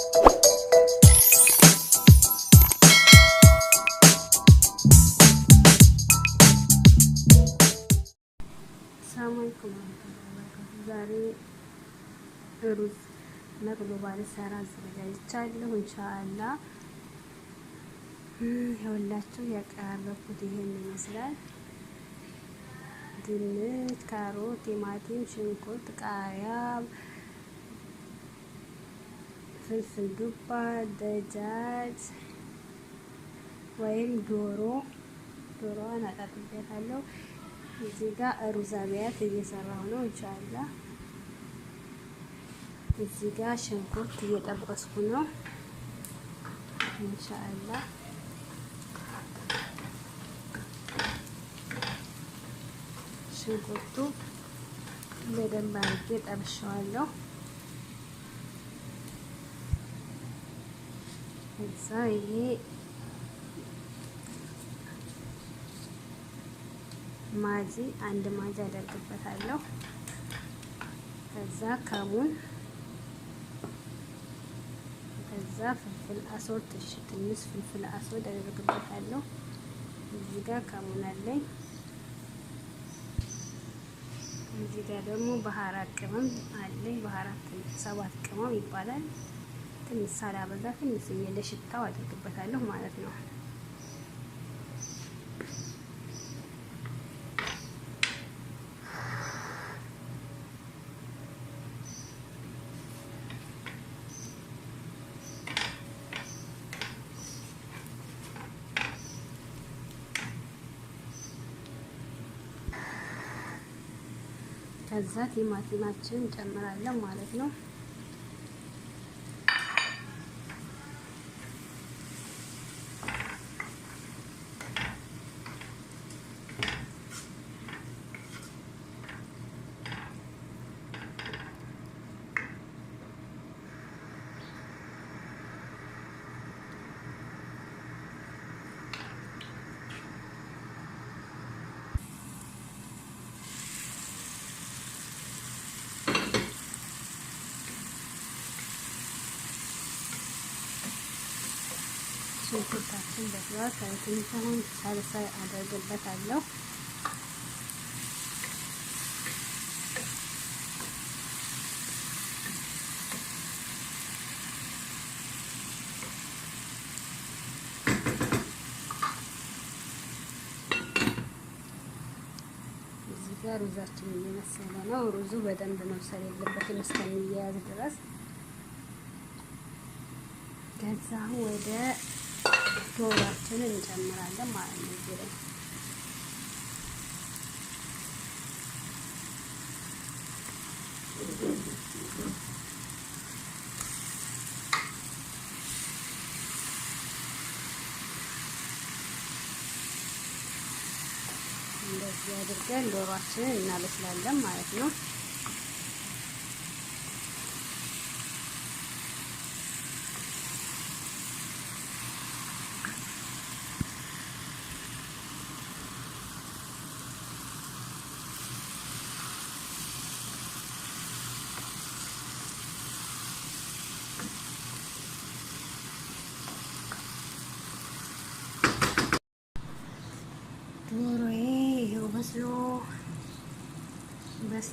ዛሬ ሩዝ መቅሎባ ልሰራ አዘጋጅቻለሁ። እንሻአላ የሁላችሁ ያቀራረብኩት ይሄን ይመስላል። ድንች፣ ካሮት፣ ቲማቲም፣ ሽንኩርት፣ ቃሪያ ፍልፍል ዱባ፣ ደጃጅ ወይም ዶሮ ዶሮዋን አጣጥቤያታለሁ። እዚህ ጋር ሩዝ አብያት እየሰራሁ ነው እንሻላ። እዚህ ጋር ሽንኩርት እየጠበስኩ ነው እንሻላ። ሽንኩርቱ በደንብ አድርጌ ጠብሸዋለሁ። ከዛ ይሄ ማጂ አንድ ማጂ አደርግበታለሁ። ከዛ ከሙን ከዛ ፍልፍል አስወድ ትንሽ ትንሽ ፍልፍል አስወድ አደርግበታለሁ። እዚህ ጋር ከሙን አለኝ። እዚህ ጋር ደግሞ ባህራት ቅመም አለኝ። ባህራት ሰባት ቅመም ይባላል። ትንሽ ሳላበዛ ትንሽዬ ለሽታው አድርግበታለሁ ማለት ነው። ከዛ ቲማቲማችን ጨምራለን ማለት ነው። ሽንኩርታችን በስሏል። ትንሽሁን ሳልሳ አደርግበታለሁ። እዚህ ጋር ሩዛችን እየመሰለ ነው። ሩዙ በደንብ መብሰል የለበትም እስከሚያያዝ ድረስ ከዛ ወደ ዶሯችንን እንጨምራለን ማለት ነው እዚህ ላይ እንደዚህ አድርገን ዶሯችንን እናበስላለን ማለት ነው።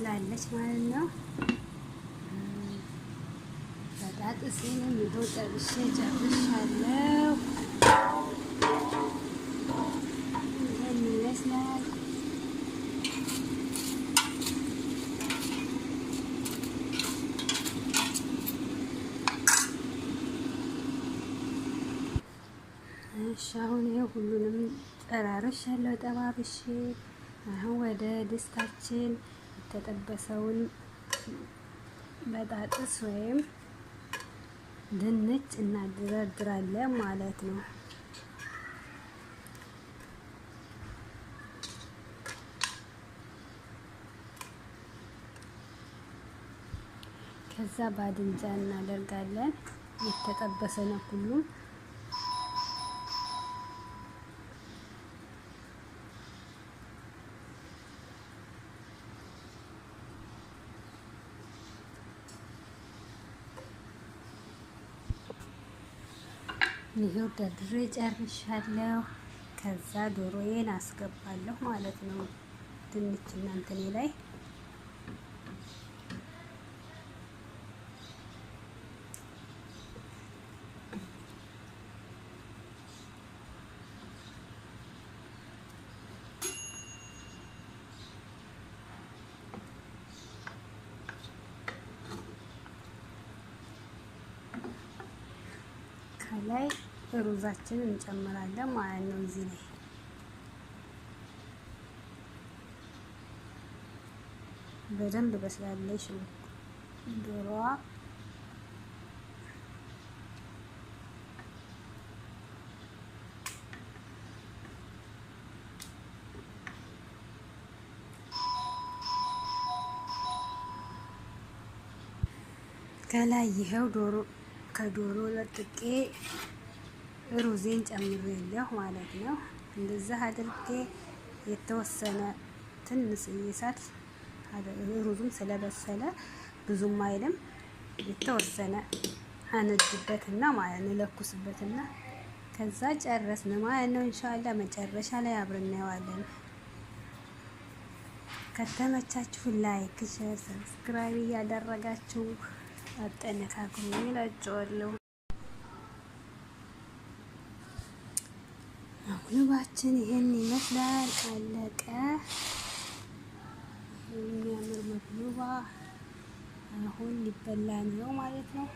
ትላለች ማለት ነው። በጣጥሴንም ይኸው ጨርሼ ጨርሻለሁ። ይህን ይመስላል። እሺ አሁን ይሄ ሁሉንም ጠራርሻለሁ፣ ጠባብሼ አሁን ወደ ደስታችን የተጠበሰውን በጣጥስ ወይም ድንች እናደረድራለን ማለት ነው። ከዛ ባድንጃ እናደርጋለን። የተጠበሰ ነው ሁሉም ይሄው ደርድሬ ጨርሻለሁ። ከዛ ዶሮዬን አስገባለሁ ማለት ነው። ድንች እናንተኔ ላይ ከላይ ሩዛችን እንጨምራለን ማለት ነው እዚህ ላይ በደንብ በስላለች ዶሮዋ ከላይ ይኸው ዶሮ ከዶሮ ለጥቄ ሩዜን ጨምሬለሁ ማለት ነው። እንደዛ አድርጌ የተወሰነ ትንሽ እሳት ሩዙም ስለበሰለ ብዙም አይልም። የተወሰነ አነድበትና ማለት ነው ለኩስበትና ከዛ ጨረስን ማለት ነው። ኢንሻአላ መጨረሻ ላይ አብረን እናየዋለን። ከተመቻችሁ ላይክ፣ ሼር፣ ሰብስክራይብ እያደረጋችሁ አጠነካክሩ እላችኋለሁ። ምግባችን ይሄን ይመስላል። አለቀ። የሚያምር ምግብ አሁን ሊበላ ነው ማለት ነው።